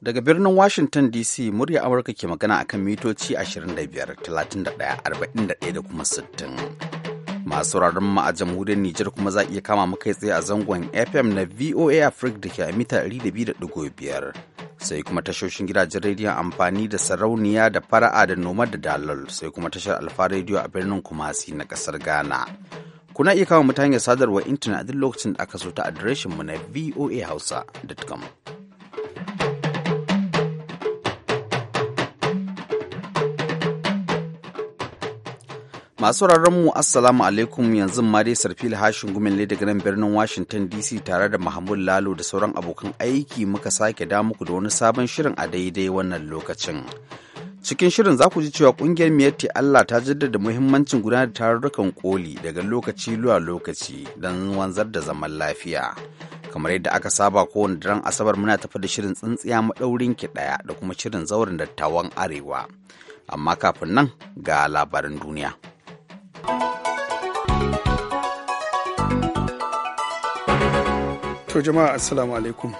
Daga birnin Washington DC murya Amurka ke magana akan mitoci 25, 31, 41 da kuma 60. masu sauraron mu a jamhuriyar Nijar kuma za iya kama mu kai tsaye a zangon FM na VOA Africa da ke a mita 200.5 sai kuma tashoshin gidajen rediyon amfani da sarauniya da fara'a da noma da dalal sai kuma tashar alfa rediyo a birnin Kumasi na kasar Ghana. Kuna iya kama mu ta hanyar sadarwar intanet a duk lokacin da aka so ta adireshin mu na voahausa.com. Masu mu Assalamu alaikum yanzu ma dai sarfil hashin gumin daga birnin Washington DC tare da Mahmud Lalo da sauran abokan aiki muka sake da muku da wani sabon shirin a daidai wannan lokacin. Cikin shirin za ku ji cewa kungiyar Miyatti Allah ta jaddada muhimmancin gudanar da tarurrukan koli daga lokaci zuwa lokaci don wanzar da zaman lafiya. Kamar yadda aka saba kowane daren Asabar muna tafi da shirin tsintsiya maɗaurin ki ɗaya da kuma shirin zaurin dattawan Arewa. Amma kafin nan ga labarin duniya. To jama'a assalamu alaikum.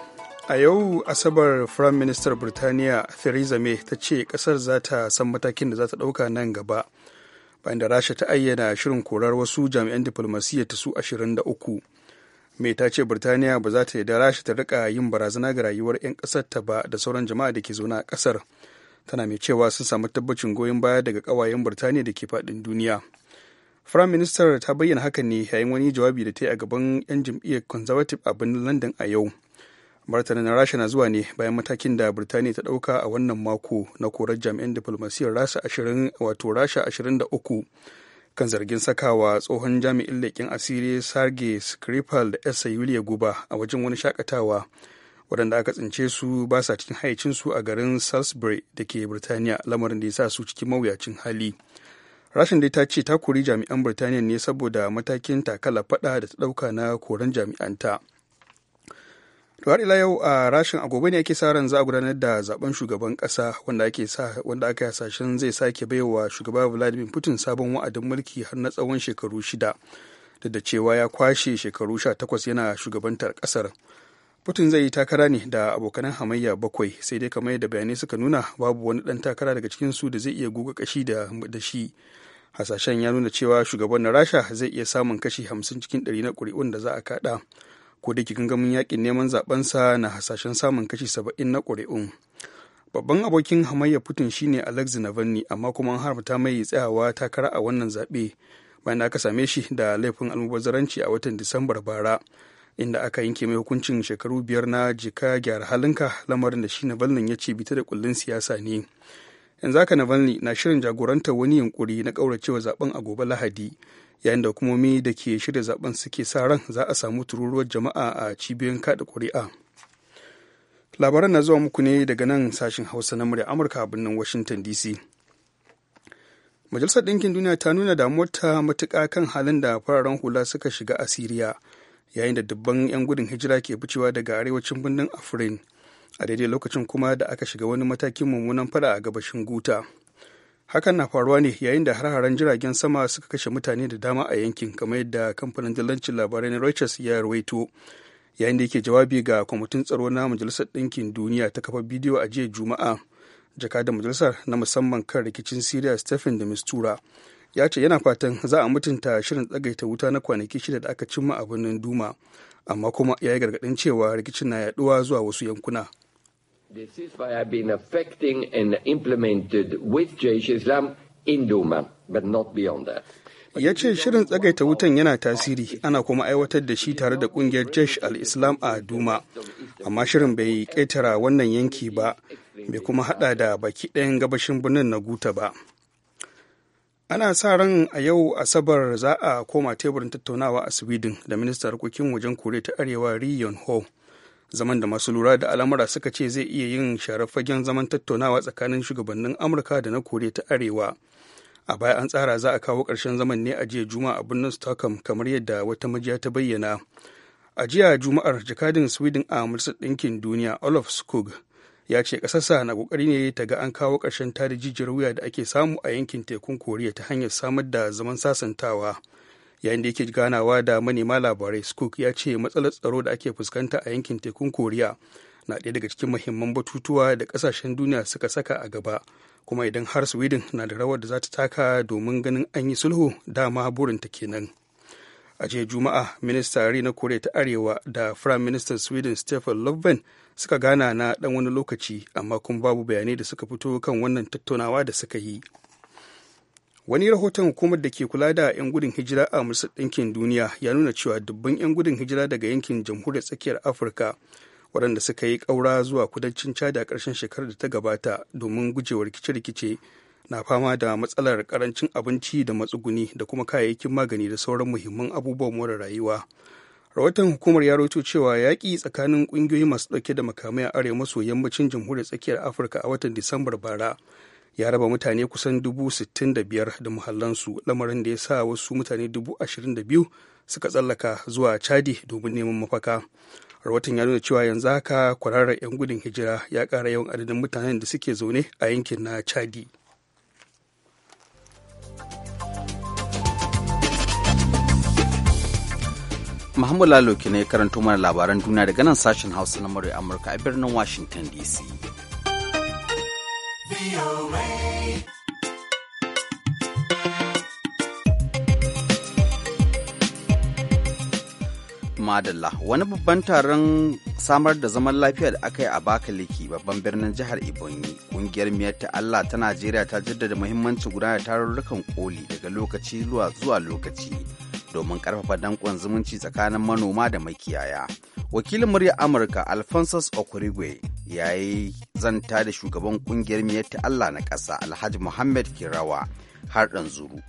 A yau Asabar Firayim Ministar Birtaniya Theresa May ta ce kasar za ta san matakin da za ta ɗauka nan gaba bayan da Rasha ta ayyana shirin korar wasu jami'an diflomasiyya ta su uku May ta ce Birtaniya ba za ta yi da Rasha ta rika yin barazana ga rayuwar 'yan ƙasar ta ba da sauran jama'a da ke zaune a kasar Tana mai cewa sun samu tabbacin goyon baya daga ƙawayen Birtaniya da ke faɗin duniya. Firayim Ministar ta bayyana hakan ne yayin wani jawabi da ta yi a gaban 'yan jam'iyyar Conservative a birnin London a yau. Martanin na Rasha na zuwa ne bayan matakin da Birtaniya ta ɗauka a wannan mako na korar jami'an diflomasiyyar Rasha ashirin wato Rasha ashirin da uku kan zargin sakawa tsohon jami'in leƙen asiri sarge Skripal da Esa Yulia Guba a wajen wani shakatawa waɗanda aka tsince su ba sa cikin haicinsu a garin Salisbury da ke Birtaniya lamarin da ya sa su cikin mawuyacin hali. rashin dai ta ce ta kori jami'an birtaniya ne saboda matakin takala fada da ta dauka na koran jami'anta har ila yau a rashin agobe ne ake sa ran za a gudanar da zaben shugaban kasa wanda ake wanda aka hasashen zai sake baiwa shugaba vladimir putin sabon wa'adin mulki har na tsawon shekaru shida da da cewa ya kwashe shekaru 18 yana shugabantar kasar Putin zai yi takara ne da abokanan hamayya bakwai sai dai kamar yadda bayanai suka nuna babu wani ɗan takara daga cikin su da zai iya guga kashi da shi. Hasashen ya nuna cewa shugaban na Rasha zai iya samun kashi hamsin cikin 100 na ƙuri'un da za a kaɗa. Ko da gangamin yakin neman sa na hasashen samun kashi saba'in na ƙuri'un. Babban abokin hamayya Putin shine Alexei Navalny amma kuma an haramta mai tsayawa takara a wannan zabe bayan aka same shi da laifin almubazzaranci a watan Disambar bara. inda aka yanke mai hukuncin shekaru biyar na jika gyara halinka lamarin da shi na navalny ya ce bita da kullun siyasa ne yanzu haka navalny na shirin jagorantar wani yunkuri na kauracewa zaben a gobe lahadi yayin da hukumomi da ke shirya zaben suke sa ran za a samu tururuwar jama'a a cibiyoyin kada kuri'a labaran na zuwa muku ne daga nan sashin hausa na murya amurka a birnin washington dc majalisar ɗinkin duniya ta nuna damuwarta matuƙa kan halin da fararen hula suka shiga a siriya yayin da dubban 'yan gudun hijira ke ficewa daga arewacin birnin afrin a daidai lokacin kuma da aka shiga wani matakin mummunan fada a gabashin guta hakan na faruwa ne yayin da har-haren jiragen sama suka kashe mutane da dama a yankin kamar yadda kamfanin dillancin labarai na reuters ya rawaito yayin da yake jawabi ga kwamitin tsaro na majalisar ɗinkin duniya ta kafa bidiyo a jiya juma'a jaka da majalisar na musamman kan rikicin syria stephen da mistura ya ce yana fatan za a mutunta shirin tsagaita wuta na kwanaki shida da aka cimma a birnin duma amma kuma ya yi gargaɗin cewa rikicin na yaɗuwa zuwa wasu yankuna ya ce shirin tsagaita wutan yana tasiri ana kuma aiwatar da shi tare da kungiyar jesh al-islam a duma amma shirin bai ƙetara wannan yanki ba bai kuma hada da baki ɗayan gabashin birnin na guta ba ana sa ran a yau asabar za a koma teburin tattaunawa a sweden da ministan harkokin wajen koriya ta arewa ri ho zaman da masu lura da al'amura suka ce zai iya yin sharar fagen zaman tattaunawa tsakanin shugabannin amurka da na koriya ta arewa a baya an tsara za a kawo ƙarshen zaman ne a jiya juma'a a birnin stockholm kamar yadda wata majiya ta bayyana a jiya juma'ar jakadin sweden a majalisar ɗinkin duniya olaf skog ya ce ƙasarsa na ƙoƙari ne ta ga an kawo ƙarshen tarijijiyar jijiyar wuya da ake samu a yankin tekun koriya ta hanyar samar da zaman sasantawa yayin da yake ganawa da manema labarai skook ya ce matsalar tsaro da ake fuskanta a yankin tekun koriya na ɗaya daga cikin mahimman batutuwa da ƙasashen duniya suka saka a gaba kuma idan har sweden na da rawar da za ta taka domin ganin an yi sulhu dama burinta kenan a jiya juma'a minista na koriya ta arewa da firayim ministan sweden stephen lofven suka gana na ɗan wani lokaci amma kuma babu bayanai da suka fito kan wannan tattaunawa da suka yi wani rahoton hukumar da ke kula da 'yan gudun hijira a majalisar ɗinkin duniya ya nuna cewa dubban 'yan gudun hijira daga yankin jamhuriyar tsakiyar afirka waɗanda suka yi ƙaura zuwa kudancin chad a ƙarshen shekarar da ta gabata domin gujewa rikice-rikice na fama da matsalar karancin abinci da matsuguni da kuma kayayyakin magani da sauran muhimman abubuwan more rayuwa rahoton hukumar ya roto cewa yaƙi tsakanin ƙungiyoyi masu ɗauke da makamai a arewa maso yammacin jamhuriyar tsakiyar afirka a watan disambar bara ya raba mutane kusan dubu sittin da biyar da muhallansu lamarin da ya sa wasu mutane dubu ashirin da biyu suka tsallaka zuwa chadi domin neman mafaka rahoton ya nuna cewa yanzu haka kwararar 'yan gudun hijira ya ƙara yawan adadin mutanen da suke zaune a yankin na chadi Muhammad Lalo ke ne karanto mana labaran duniya daga nan sashen Hausa na murya Amurka a birnin Washington DC. Madalla wani babban taron samar da zaman lafiya da aka yi a Bakaliki babban birnin jihar Ebonyi kungiyar miyar ta Allah ta Najeriya ta jaddada muhimmancin gudanar tarurrukan koli daga lokaci zuwa lokaci. domin karfafa danƙon zumunci tsakanin manoma da makiyaya. Wakilin Murya Amurka Alphonsus Okurigwe ya yi zanta da shugaban kungiyar miyatta Allah na ƙasa Alhaji Muhammad Kirawa har ɗan zuru.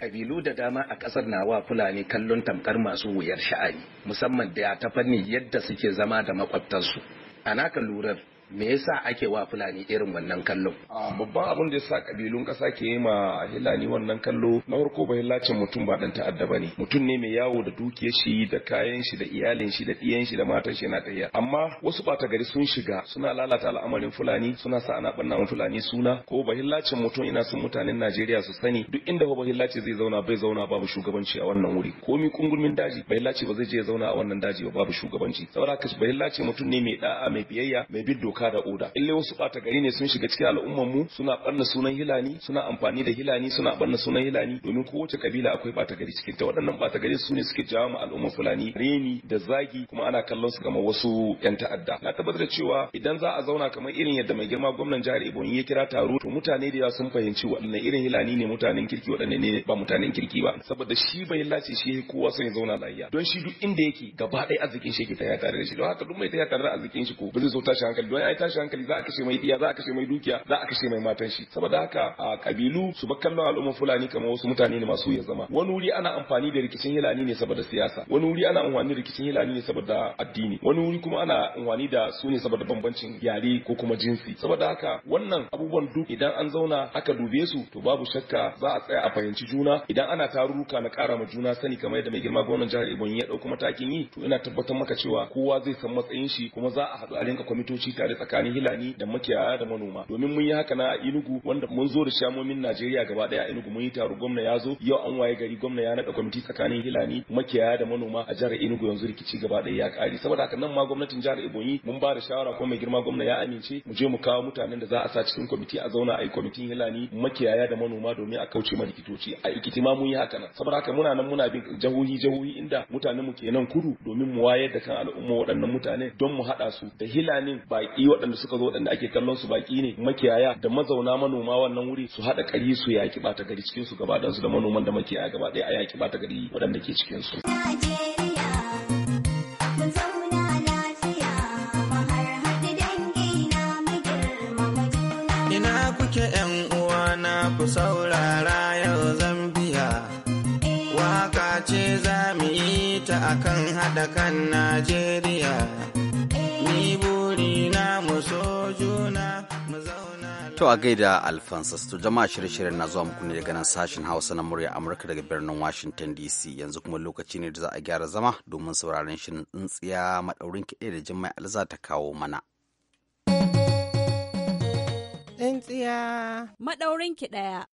kabilu da dama a ƙasar na wa fulani kallon tamkar masu wuyar sha'ani musamman da ta fanni yadda suke zama da makwabtansu a naka lurar me yasa ake wa fulani irin wannan kallon babban abin da yasa kabilun kasa ke yi ma hilani wannan kallo na farko ba hillacin mutum ba dan ta'adda bane mutum ne mai yawo da dukiyar shi da kayan shi da iyalin shi da ɗiyan shi da matan shi yana tafiya amma wasu bata gari sun shiga suna lalata al'amarin fulani suna sa ana banna fulani suna ko ba hillacin mutum ina son mutanen Najeriya su sani duk inda ba hillaci zai zauna bai zauna babu shugabanci a wannan wuri komi kungumin daji ba hillaci ba zai je ya zauna a wannan daji ba babu shugabanci saboda haka ba hillaci mutum ne mai da'a mai biyayya mai bin doka doka da oda illai wasu bata gari ne sun shiga cikin al'ummar mu suna barna sunan hilani suna amfani da hilani suna barna sunan hilani domin ko wace kabila akwai bata gari cikin ta waɗannan bata gari su ne suke jawo al'ummar fulani reni da zagi kuma ana kallon su kamar wasu yan ta'adda na tabbatar cewa idan za a zauna kamar irin yadda mai girma gwamnan jihar Ebonyi ya kira taro to mutane da yawa sun fahimci waɗannan irin hilani ne mutanen kirki waɗanne ne ba mutanen kirki ba saboda shi bai lace shi kowa son ya zauna lafiya don shi duk inda yake gaba ɗaya arzikin shi yake tafiya tare da shi don haka duk mai tare da arzikin shi ko ba zai zo tashi hankali don ya tashi hankali za a kashe mai iya za a kashe mai dukiya za a kashe mai matan shi saboda haka a kabilu su ba kallon al'umma fulani kamar wasu mutane ne masu ya zama wani wuri ana amfani da rikicin hilani ne saboda siyasa wani wuri ana amfani da rikicin hilani ne saboda addini wani wuri kuma ana amfani da su ne saboda bambancin yare ko kuma jinsi saboda haka wannan abubuwan duk idan an zauna aka dube su to babu shakka za a tsaya a fahimci juna idan ana tarurruka na ƙara ma juna sani kamar yadda mai girma gwamnan jihar Ebonyi ya ɗauki matakin yi to ina tabbatar maka cewa kowa zai san matsayin shi kuma za a haɗu a rinka kwamitoci tare tsakanin hilani da makiyaya da manoma domin mun yi haka na a inugu wanda mun zo da shamomin najeriya gaba daya a inugu mun yi taro gwamna ya zo yau an waye gari gwamna ya naɗa kwamiti tsakanin hilani makiyaya da manoma a jihar inugu yanzu rikici gaba daya ya kari saboda haka nan ma gwamnatin jihar ebonyi mun ba da shawara ko mai girma gwamna ya amince mu je mu kawo mutanen da za a sa cikin kwamiti a zauna a yi kwamitin hilani makiyaya da manoma domin a kauce ma rikitoci a ikiti ma mun yi haka nan saboda haka muna nan muna bin jahohi jahohi inda mutanen mu kenan kudu domin mu wayar da kan al'umma waɗannan mutane don mu haɗa su da hilanin baƙi waɗanda suka zo waɗanda ake kallon su baƙi ne makiyaya da mazauna manoma wannan wuri su haɗa ƙari su yaƙi ɓata gari cikin su gaba da manoman da makiyaya gaba ɗaya a yaƙi ɓata gari waɗanda ke cikin su. Ina kuke 'yan na ku saurara yau Zambiya, eh. waka ce za mu yi ta akan haɗa kan Najeriya. to a gaida alfansas to jama'a shirye-shiryen na zuwa muku ne daga nan sashen hausa na murya amurka daga birnin washington dc yanzu kuma lokaci ne da za a gyara zama domin sauraron shirin tsintsiya maɗaurin kiɗe da jimai alza ta kawo mana tsintsiya maɗaurin ki ɗaya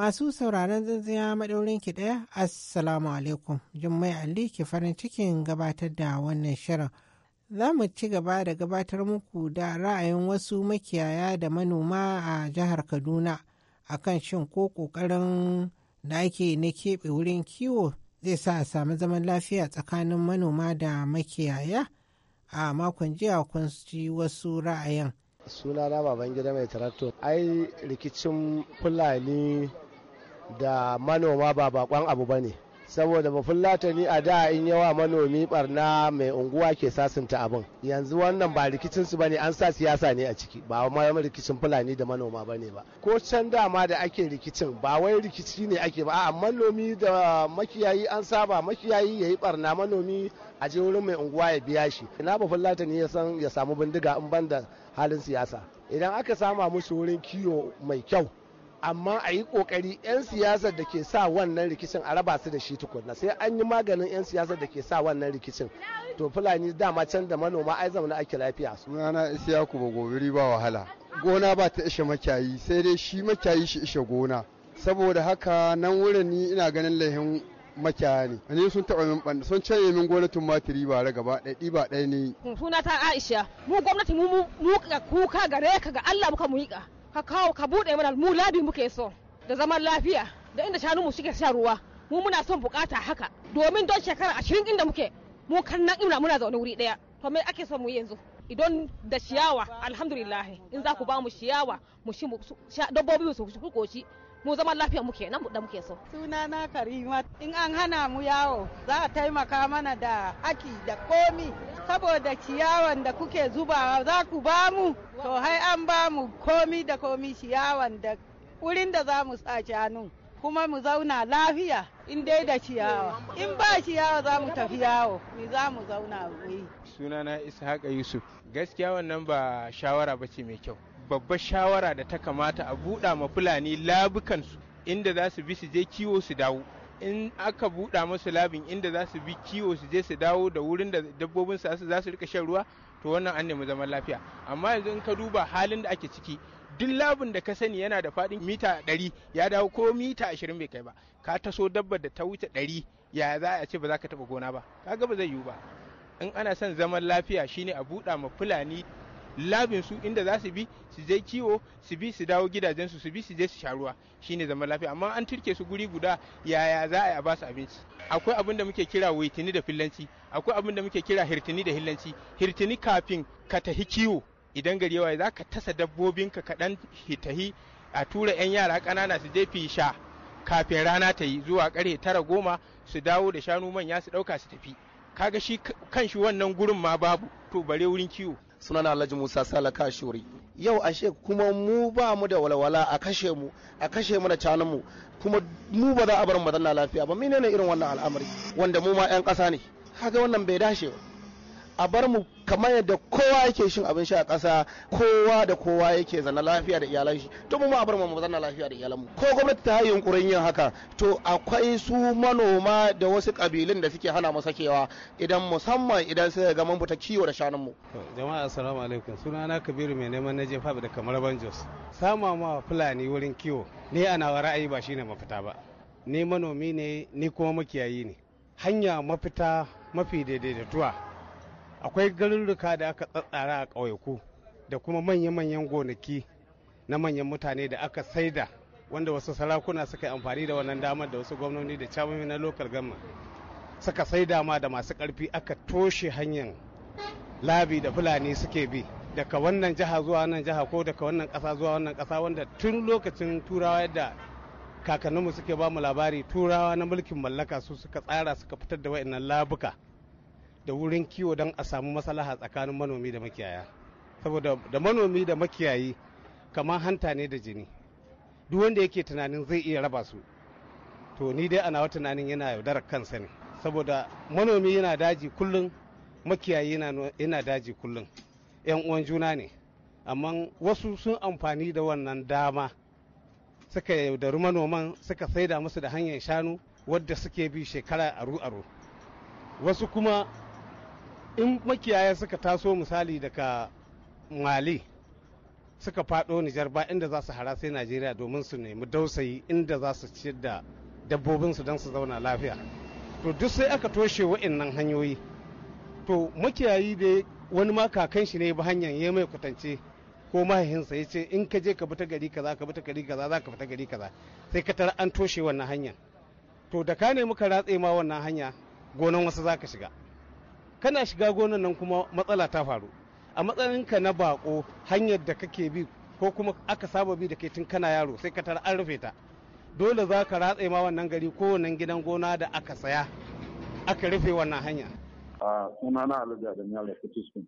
Masu sauraron zanzaya maɗaurin ki ɗaya, Assalamu alaikum, Jummai Ali ke farin cikin gabatar da wannan shirin. Za mu ci gaba da gabatar muku da ra'ayin wasu makiyaya da manoma a jihar Kaduna a kan shin ko ƙoƙarin da ake na keɓe wurin kiwo zai sa a sami zaman lafiya tsakanin manoma da makiyaya a makon jiya kun ci wasu ra'ayin. Sunana Babangida mai tarakto, ai rikicin Fulani da manoma ba bakon abu ba ne saboda bafulatani a da in yawa manomi barna mai unguwa ke sasunta abin yanzu wannan ba rikicin su bane an sa siyasa ne a ciki ba ma rikicin fulani da manoma bane ba ko can dama da ake rikicin ba wai rikici ne ake ba a manomi da makiyayi an saba makiyayi yayi barna manomi a je wurin mai unguwa ya biya shi ina bafulatani ya san ya samu bindiga in ban da halin siyasa idan aka sama musu wurin kiwo mai kyau amma a yi kokari 'yan siyasar da ke sa wannan rikicin a raba su da shi tukunna sai an yi maganin 'yan siyasar da ke sa wannan rikicin to fulani dama can da manoma ai na ake lafiya su sunana isiyaku ba gobiri ba wahala gona ba ta ishe makiyayi sai dai shi makiyayi shi ishe gona saboda haka nan wurin ni ina ganin lahin makiyaya ne ne sun taɓa min ɓanda sun canye min gonar tumatiri ba ra gaba ɗaya ba ɗaya ne suna ta aisha mu gwamnati mu kuka gare ka ga allah muka muyiƙa ka kawo ka buɗe mana mu labi muke so da zaman lafiya da inda shanu mu suke sha ruwa mu muna son bukata haka domin don shekara ashirin inda muke mu kan nan ina muna zaune wuri daya to me ake son mu yanzu idan da ciyawa alhamdulillah in za ku ba mu ciyawa mu shi dabbobi su koshi mu zaman lafiya muke nan da muke so sunana karima in an hana mu yawo za a taimaka mana da aki da komi saboda ciyawan da kuke zubawa za ku ba mu to hai an ba mu komi da komi ciyawan da wurin da za mu sace hannu kuma mu zauna lafiya in dai da ciyawa in ba ciyawa za mu tafi yawo ni za mu zauna wuri sunana ishaq yusuf gaskiya wannan ba shawara ba ce mai kyau babbar shawara da ta kamata a buɗa ma fulani labukansu inda za su bi su je kiwo su dawo in aka buɗa masu labin inda za su bi kiwo su je su dawo da wurin da dabbobin su za su rika shan ruwa to wannan an nemi zaman lafiya amma yanzu in ka duba halin da ake ciki duk labin da ka sani yana da faɗin mita ɗari ya dawo ko mita ashirin bai kai ba ka taso dabbar da ta wuce ɗari ya za a ce ba za ka taɓa gona ba kaga ba zai yiwu ba in ana son zaman lafiya shine a buɗa ma fulani labin su inda za su bi su je kiwo su bi su dawo gidajensu su bi su je su sha ruwa shine zaman lafiya amma an turke su guri guda yaya za a yi ba su abinci akwai abin da muke kira waitini da fillanci akwai abin da muke kira hirtini da hillanci hirtini kafin ka tahi kiwo idan gari yawa za ka tasa dabbobin ka dan tahi a tura 'yan yara ƙanana su je fisha kafin rana ta yi zuwa ƙarfe tara goma su dawo da shanu manya su ɗauka su tafi kaga shi kan shi wannan gurin ma babu to bare wurin kiwo sunan alhaji musa salaka shuri yau ashe kuma mu ba mu da walwala a kashe mu a kashe mu da canan mu kuma mu ba za a bar mu lafiya ba menene irin wannan al'amari wanda mu ma 'yan kasa ne kaga wannan bai dace ba a bar mu kamar yadda kowa yake shin abin sha a ƙasa kowa da kowa yake zana lafiya da iyalan shi to mu a bar mu zana lafiya da iyalan mu ko gwamnati ta yi yunkurin yin haka to akwai su manoma da wasu kabilun da suke hana mu sakewa idan musamman idan sai ga mun fita kiwo da shanun mu jama'a assalamu alaikum sunana kabiru mai neman na jefa da kamar banjos sama ma fulani wurin kiwo ne ana ra'ayi ba shine mafita ba ni manomi ne ni kuma makiyayi ne hanya mafita mafi daidaituwa akwai garuruka da aka tsatsara a ƙauyaku da kuma manya-manyan gonaki na manyan mutane da aka saida wanda wasu sarakuna suka yi amfani da wannan damar da wasu gwamnoni da camomi na lokal gama suka saida ma da masu ƙarfi aka toshe hanyar labi da fulani suke bi daga wannan jiha zuwa wannan jiha ko daga wannan ƙasa zuwa wannan ƙasa wanda tun lokacin turawa yadda kakanninmu suke ba mu labari turawa na mulkin mallaka su suka tsara suka fitar da wa'annan labuka da wurin kiwo don a samu maslaha tsakanin manomi da makiyaya saboda da manomi da makiyayi kamar hanta ne da jini duk wanda yake tunanin zai iya raba su to ni dai ana tunanin yana yaudarar kansa ne saboda manomi yana daji kullum makiyayi yana daji kullum yan uwan juna ne amma wasu sun amfani da wannan dama suka yaudari manoman suka saida musu da hanyar shanu wadda suke bi shekara aru-aru wasu kuma in makiyaya suka taso misali daga mali suka faɗo nijar ba inda za su hara sai najeriya domin su nemi dausayi inda za su ciyar da dabbobinsu don su zauna lafiya to duk sai aka toshe wa'annan hanyoyi to makiyayi da wani ma kakan shi ne ba hanyar ya mai kwatance ko mahaihinsa ya ce in ka je ka bi ta gari kaza ka bi gari kaza za ka bi ta gari kaza sai ka tara an toshe wannan hanyar to da ka nemi ka ratse ma wannan hanya gonan wasu za ka shiga kana shiga gonan nan kuma matsala ta faru a matsayinka na bako hanyar da kake bi ko kuma aka saba bi da kai tun kana yaro sai ka tara an rufe ta dole za ka ratse ma wannan gari ko wannan gidan gona da aka saya aka rufe wannan hanya a suna na alaja da yaro kutuskun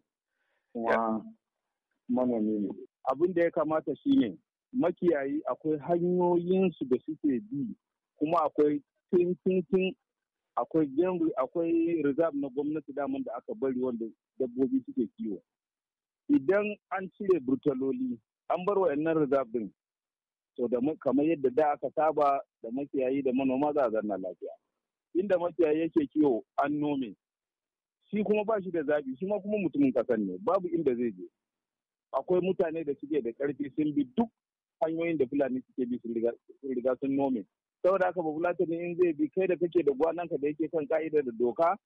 kuma manomi ne abin da ya kamata shine makiyayi akwai hanyoyin su da suke bi kuma akwai tintintin akwai jengu akwai reserve na gwamnati daman da aka bari wanda dabbobi suke kiwo idan an cire burtaloli an bar wa yannan reserve din to da kamar yadda da aka saba da makiyayi da manoma za a zanna lafiya inda makiyayi yake kiwo an nome shi kuma ba shi da zabi shi ma kuma mutumin kasan ne babu inda zai je akwai mutane da suke da karfi sun bi duk hanyoyin da fulani suke bi sun riga sun nome saboda haka babu ne in zai bi kai da kake da ka da yake kan ka'ida da doka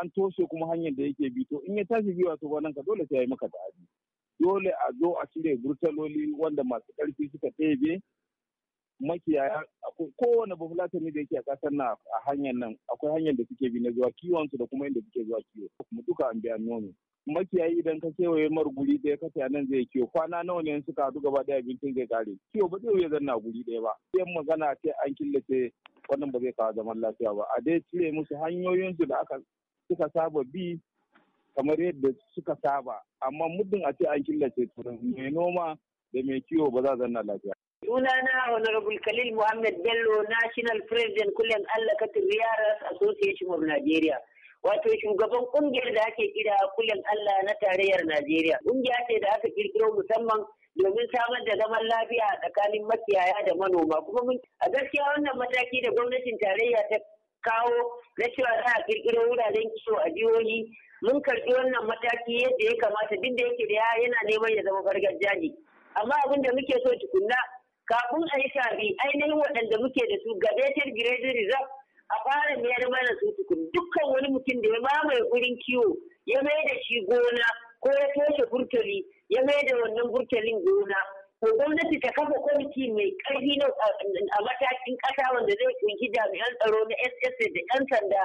an toshe kuma hanyar da yake bi to in ya tashi biyu wasu gwananka dole sai ya yi maka ta'adi dole a zo a cire burtaloli wanda masu ƙarfi suka ɗebe makiyaya kowane bafulatani da yake a kasar na a hanyar nan akwai hanyar da suke bi na zuwa kiwon su da kuma inda suke zuwa kiwo kuma duka an biya nono makiyayi idan ka kewaye mar guri ɗaya ka nan zai kiwo kwana nawa ne suka haɗu gaba ɗaya abincin zai kare kiwo ba zai zanna guri ɗaya ba sai magana ce an killace wannan ba zai kawo zaman lafiya ba a dai cire musu hanyoyinsu da aka suka saba bi kamar yadda suka saba amma muddin a ce an killace mai noma da mai kiwo ba za zanna lafiya sunana honorable khalil muhammad bello national president kullum allakatin riyaras association of nigeria wato shugaban kungiyar da ake kira kullum allah na tarayyar najeriya kungiya ce da aka kirkiro musamman domin samar da zaman lafiya tsakanin makiyaya da manoma kuma mun a gaskiya wannan mataki da gwamnatin tarayya ta kawo na cewa za a kirkiro wuraren kiwo a jihohi mun karbi wannan mataki yadda ya kamata duk da yake da yana neman ya zama gargajiya ne amma abin da muke so tukunna kafin a yi shafi ainihin waɗanda muke da su ga gabatar grade reserve a fara mayar mana su tukun dukkan wani mutum da ya mamaye gurin kiwo ya mai da shi gona ko ya toshe burtali ya mai da wannan burtalin gona ko gwamnati ta kafa kwamiti mai ƙarfi na a matakin ƙasa wanda zai kunshi jami'an tsaro na ss da 'yan sanda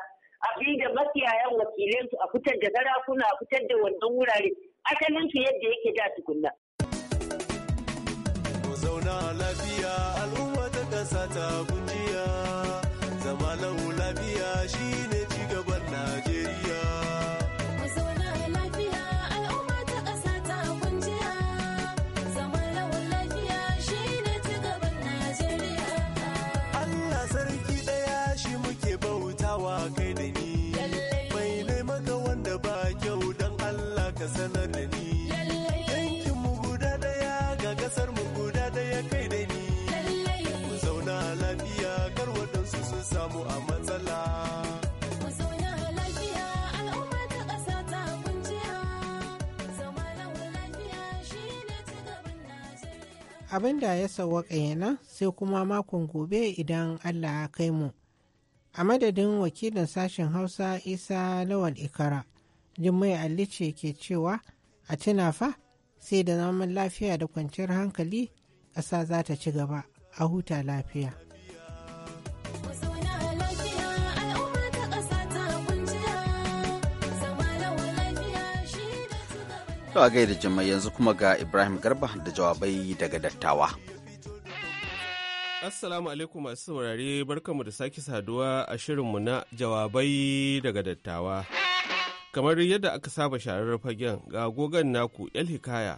a bi da makiyayan wakilansu a fitar da sarakuna a fitar da wannan wurare asalin su yadda yake da tukunna lafiya al'umma ta ƙasa ta kunjiya zama lau lafiya shi abin da ya sauwa yana sai kuma makon gobe idan Allah ya kai mu. A madadin wakilin sashen Hausa Isa Lawal Ikara, Jummai alli ce ke cewa a tuna fa sai da zaman lafiya da kwanciyar hankali ƙasa za ta ci gaba a huta lafiya. To a gaida jimai yanzu kuma ga Ibrahim Garba da jawabai daga dattawa. Assalamu alaikum masu saurare barkanmu da sake saduwa a mu na jawabai daga dattawa. Kamar yadda aka saba sharar fagen ga gogan naku El Hikaya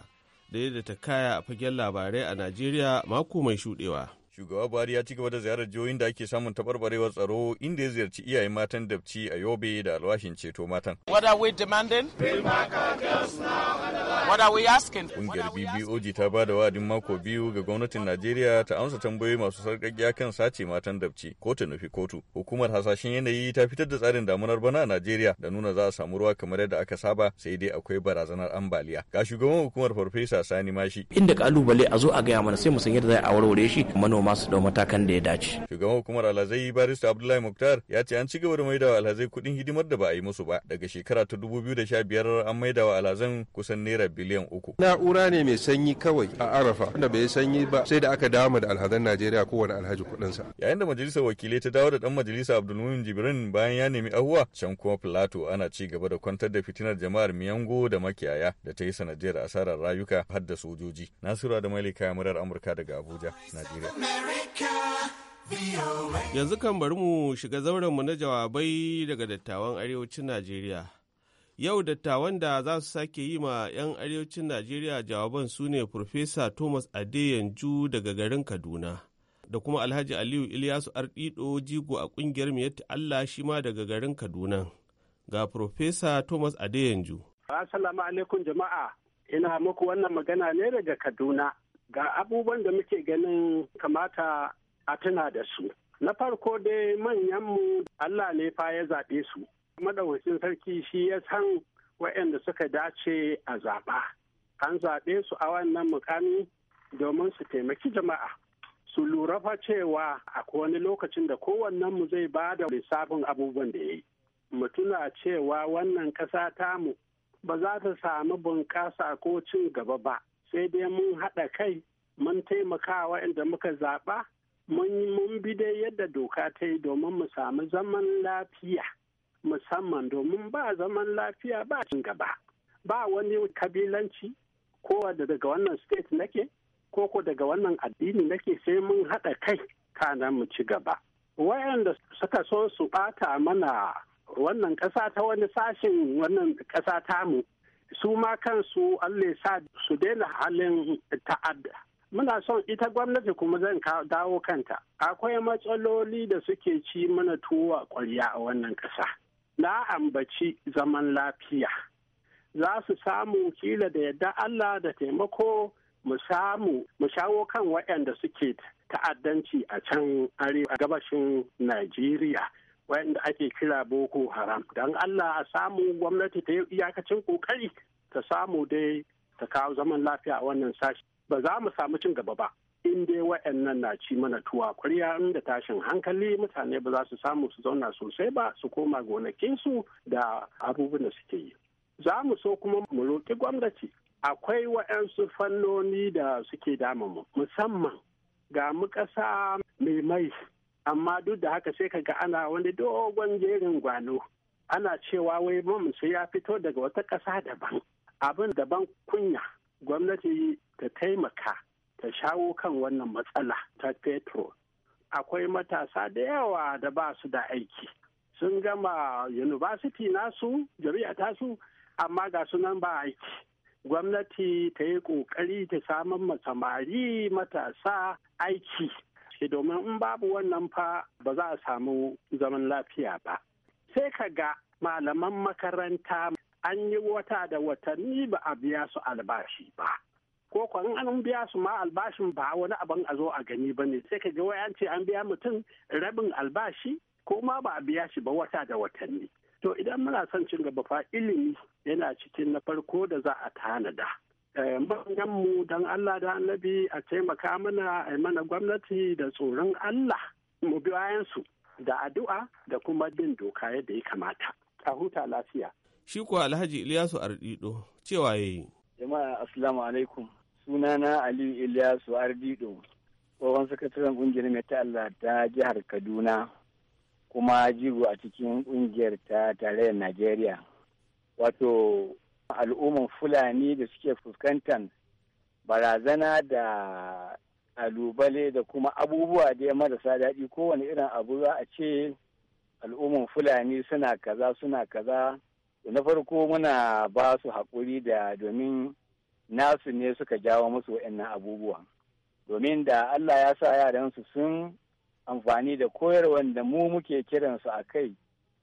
da yadda ta kaya a fagen labarai a Najeriya mako mai shudewa. Shugaba Buhari ya ci gaba da ziyarar jihohin da ake samun tabarbarewar tsaro inda ya ziyarci iyaye matan dabci a Yobe da alwashin ceto matan. What are we demanding? back girls now Ƙungiyar BBOG ta ba da wa'adin mako biyu ga gwamnatin Najeriya ta amsa tambayoyi masu sarƙaƙiya kan sace matan dabci ko ta nufi kotu. Hukumar hasashen yanayi ta fitar da tsarin damunar bana a Najeriya da nuna za a samu ruwa kamar yadda aka saba sai dai akwai barazanar ambaliya. Ga shugaban hukumar Farfesa Sani Mashi. Inda ƙalubale a zo a gaya mana sai mu san yadda za a warware shi manoma su dau matakan da ya dace. Shugaban hukumar Alhazai Barista Abdullahi Muktar ya ce an ci gaba da maida wa Alhazai kuɗin hidimar da ba a yi musu ba daga shekara ta 2015 an maida wa Alhazan kusan naira biliyan uku. Na'ura ne mai sanyi kawai a Arafa wanda bai sanyi ba sai da aka dama da alhazan Najeriya kowane alhaji kuɗinsa. Yayin da majalisar wakilai ta dawo da dan majalisa Abdulmumin Jibrin bayan ya nemi ahuwa can kuma Filato ana ci gaba da kwantar da fitinar jama'ar Miyango da makiyaya da ta yi sanadiyar asarar rayuka har da sojoji. Nasiru da Malika murar Amurka daga Abuja, Najeriya. Yanzu kan bari mu shiga zauren mu na jawabai daga dattawan arewacin Najeriya. Yau dattawan da za su sake yi ma 'yan arewacin Najeriya jawaban su ne Profesa Thomas Adeyanju daga garin Kaduna, da kuma Alhaji Aliyu Ilyasu Ardido jigo a ƙungiyar Miyatti Allah shi ma daga garin Kaduna. Ga Profesa Thomas Adeyanju. Assalamu alaikum jama'a, ina muku wannan magana ne daga Kaduna. Ga abubuwan da muke ganin kamata a tuna da su. Na farko dai manyan manyanmu Allah ne fa ya zaɓe su. madawacin sarki shi ya san waɗanda suka dace a zaɓa an zaɓe su a wannan mukami domin su taimaki jama'a su lura fa cewa a wani lokacin da kowannen mu zai ba da lissafin abubuwan da ya yi mu cewa wannan ƙasa tamu ba za ta samu bunƙasa ko cin gaba ba sai dai mun haɗa kai mun taimaka waɗanda muka zaɓa mun bi dai yadda doka ta yi domin mu samu zaman lafiya musamman domin ba zaman lafiya ba cin gaba ba wani kabilanci ko daga wannan state nake ko ko daga wannan addini nake sai mun haɗa kai kana mu ci gaba wayanda suka so su ɓata mana wannan ƙasa ta wani sashen wannan ƙasa mu, su ma kansu Allah sa su daina halin ta'adda. Muna son ita gwamnati kuma zan dawo kanta. Akwai matsaloli da suke ci mana tuwa ƙwarya a wannan ƙasa. na ambaci zaman lafiya za su samu kila da yadda Allah da taimako mu samu mu shawo kan waɗanda suke ta'addanci a can arewa gabashin Najeriya waɗanda ake kira Boko Haram don Allah a samu gwamnati ta iyakacin kokari ta samu dai ta kawo zaman lafiya a wannan sashi ba za mu samu cin gaba ba in dai waɗannan na ci mana tuwa kwarya da tashin hankali mutane ba za su samu su zauna sosai ba su koma gonakinsu da abubuwan da suke yi za mu so kuma mu roƙi gwamnati akwai waɗansu fannoni da suke damamu musamman ga mu ƙasa mai mai amma duk da haka sai kaga ana wani dogon jerin gwano ana cewa wai mamu sai ya fito daga wata ƙasa daban abin daban kunya gwamnati ta taimaka ta shawo kan wannan matsala ta fetur akwai matasa da yawa da ba su da aiki sun gama university nasu jami'a tasu amma ga sunan ba aiki gwamnati ta yi ƙoƙari ta samun samari matasa aiki eh, domin in babu wannan fa ba za a samu zaman lafiya ba sai ka ga malaman makaranta an yi wata da watanni ba a biya su albashi ba ko kwan an biya su ma albashin ba wani abin a zo a gani ba ne sai ka ga wai an an biya mutum rabin albashi ko ma ba a biya shi ba wata da watanni to idan muna son cin gaba fa ilimi yana cikin na farko da za a tanada eh, manyan mu don Allah da annabi a taimaka mana a mana gwamnati da tsoron Allah mu bi su da addu'a da kuma bin doka yadda ya kamata a huta lafiya shi kuwa Alhaji Ilyasu Ardido cewa yayi jama'a assalamu alaikum sunana aliyu iliyasu ardido tsohon sakataren kungiyar mai Allah ta jihar kaduna kuma jigo a cikin kungiyar ta tarayyar najeriya wato al'umman fulani da suke fuskantar barazana da alubale da kuma abubuwa da ya marasa daɗi kowane irin abu za a ce al'umman fulani suna kaza suna kaza da na farko muna ba su haƙuri da domin nasu ne suka jawo musu waɗannan abubuwan domin da Allah ya sa yaransu sun amfani da koyarwar da mu muke kiransu a kai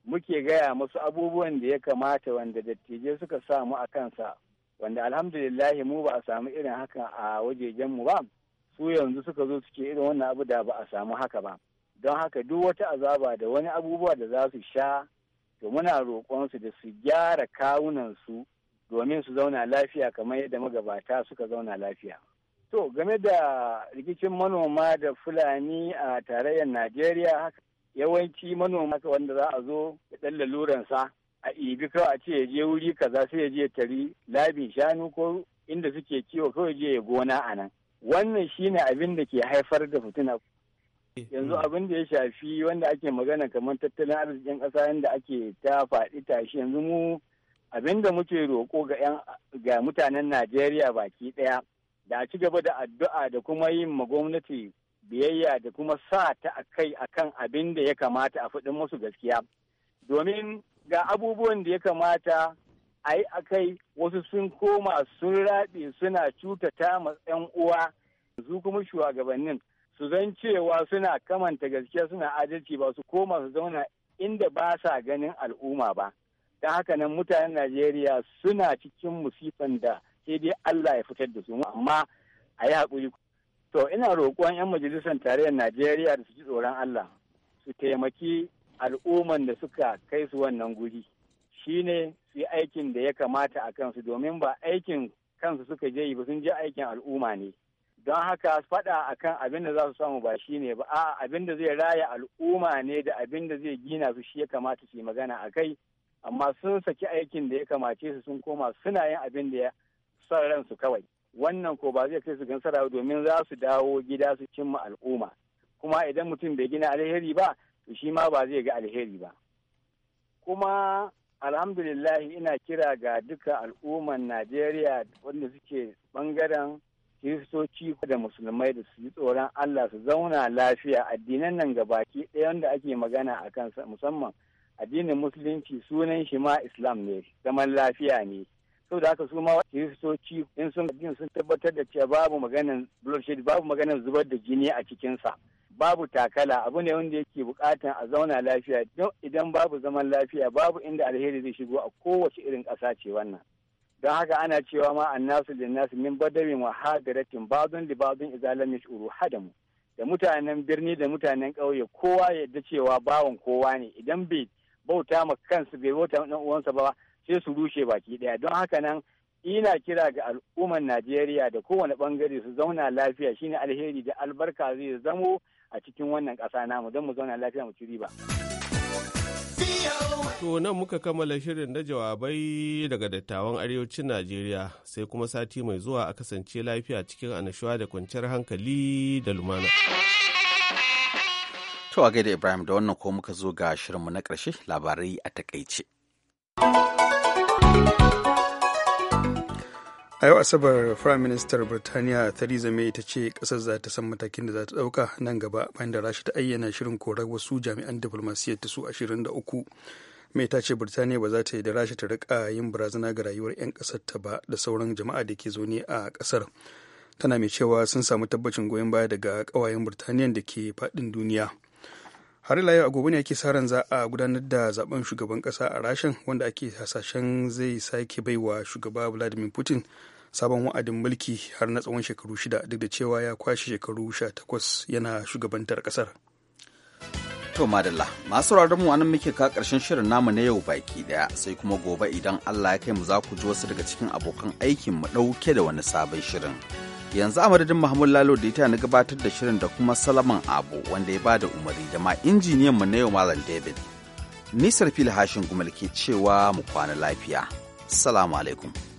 muke gaya musu abubuwan da ya kamata wanda dattijai suka sa mu a kansa wanda alhamdulillahi mu ba a samu irin haka a wajejen mu ba su yanzu suka zo suke irin wannan abu da ba a samu haka ba don haka duk wata azaba da wani abubuwa da za su sha to muna roƙonsu da su gyara kawunan su. domin su zauna lafiya kamar yadda magabata suka zauna lafiya. To game da rikicin manoma da Fulani a tarayyar Najeriya yawanci manoma wanda za a zo da ɗan laluransa a ibi kawai a ce ya je wuri kaza su ya je tari labin shanu ko inda suke kiwo kawai je ya gona a nan. Wannan shine abin da ke haifar da fitina. Yanzu mm. abin da ya shafi wanda ake magana kamar tattalin arzikin ƙasa yadda ake ta faɗi tashi yanzu mu abinda muke roƙo ga mutanen najeriya baki ɗaya da a ci gaba da addu'a da kuma yin ma gwamnati biyayya da kuma sa ta akai akan a kan abin da ya kamata a faɗin musu gaskiya domin ga abubuwan da ya kamata a yi a wasu sun koma sun raɗe suna cutata matsayin uwa su kuma shugabannin su zan cewa suna kamanta gaskiya suna adalci ba su koma su zauna inda ba sa ganin al'umma ba da haka nan mutanen najeriya suna cikin musifan da sai dai allah ya fitar da su amma a yi haƙuri to ina roƙon 'yan majalisar tarayyar najeriya da su ji tsoron allah su taimaki al'umman da suka kai su wannan guri shine su yi aikin da ya kamata a kansu domin ba aikin kansu suka je yi ba sun je aikin al'umma ne don haka faɗa kan abin da za su samu ba shi ne ba a abin da zai raya al'umma ne da abin da zai gina su shi ya kamata su yi magana a kai amma sun saki aikin da ya kamace su sun koma suna yin abin da ya san ransu kawai wannan ko ba zai kai su gansara domin za su dawo gida su cimma al'umma kuma idan mutum bai gina alheri ba to shi ma ba zai ga alheri ba kuma alhamdulillah ina kira ga duka al'umman najeriya wanda suke bangaren kiristoci da musulmai da su yi tsoron allah su zauna lafiya addinan nan ga baki ɗaya wanda ake magana a kansa musamman addinin musulunci sunan shi ma islam ne zaman lafiya ne saboda haka su ma kiristoci in sun addini sun tabbatar da cewa babu maganin bloodshed babu maganin zubar da jini a cikinsa babu takala abu ne wanda yake bukatan a zauna lafiya idan babu zaman lafiya babu inda alheri zai shigo a kowace irin ƙasa ce wannan don haka ana cewa ma annasu nasu min badawin wa hadiratin da li ba'dun idza uru hadamu da mutanen birni da mutanen kauye kowa yadda cewa bawan kowa ne idan bai bauta ma kansu bai bauta ma uwansa ba sai su rushe baki daya don haka nan ina kira ga al'ummar Najeriya da kowane bangare su zauna lafiya shine alheri da albarka zai zamo a cikin wannan ƙasa namu don mu zauna lafiya mu ci riba. To nan muka kammala shirin na jawabai daga dattawan arewacin Najeriya sai kuma sati mai zuwa a kasance lafiya cikin annashuwa da kwanciyar hankali da lumana. To a gaida Ibrahim da wannan ko muka zo ga shirinmu na ƙarshe labarai a takaice. A yau Asabar Prime Minister Birtaniya Theresa May ta ce ƙasar za ta san matakin da za ta ɗauka nan gaba bayan da Rasha ta ayyana shirin korar wasu jami'an diplomasiyyar ta su da ashirin uku May ta ce Birtaniya ba za ta yi da Rasha ta riƙa yin barazana ga rayuwar 'yan ƙasar ta ba da sauran jama'a da ke zaune a ƙasar. Tana mai cewa sun samu tabbacin goyon baya daga ƙawayen Birtaniya da ke faɗin duniya. har ila yau a gobe ne ake sa ran za a gudanar da zaben shugaban kasa a rashin wanda ake hasashen zai sake baiwa shugaba vladimir putin sabon wa'adin mulki har na tsawon shekaru shida duk da cewa ya kwashe shekaru sha takwas yana shugabantar kasar to madalla masu mu anan muke ka karshen shirin namu na yau baki daya sai kuma gobe idan allah ya kai mu za ku ji wasu daga cikin abokan aikin mu ɗauke da wani sabon shirin yanzu a madadin mahmud lalo da ita na gabatar da shirin da kuma salaman abu wanda ya bada umarni da ma injiniyan mu na yau malam david nisar fil hashin gumal ke cewa mu kwana lafiya salamu alaikum